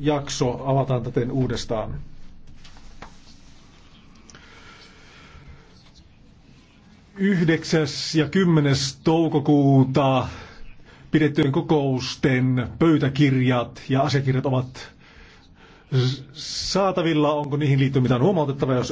jakso, avataan täten uudestaan. Yhdeksäs ja 10. toukokuuta pidettyjen kokousten pöytäkirjat ja asiakirjat ovat saatavilla. Onko niihin liittyen mitään huomautettavaa, jos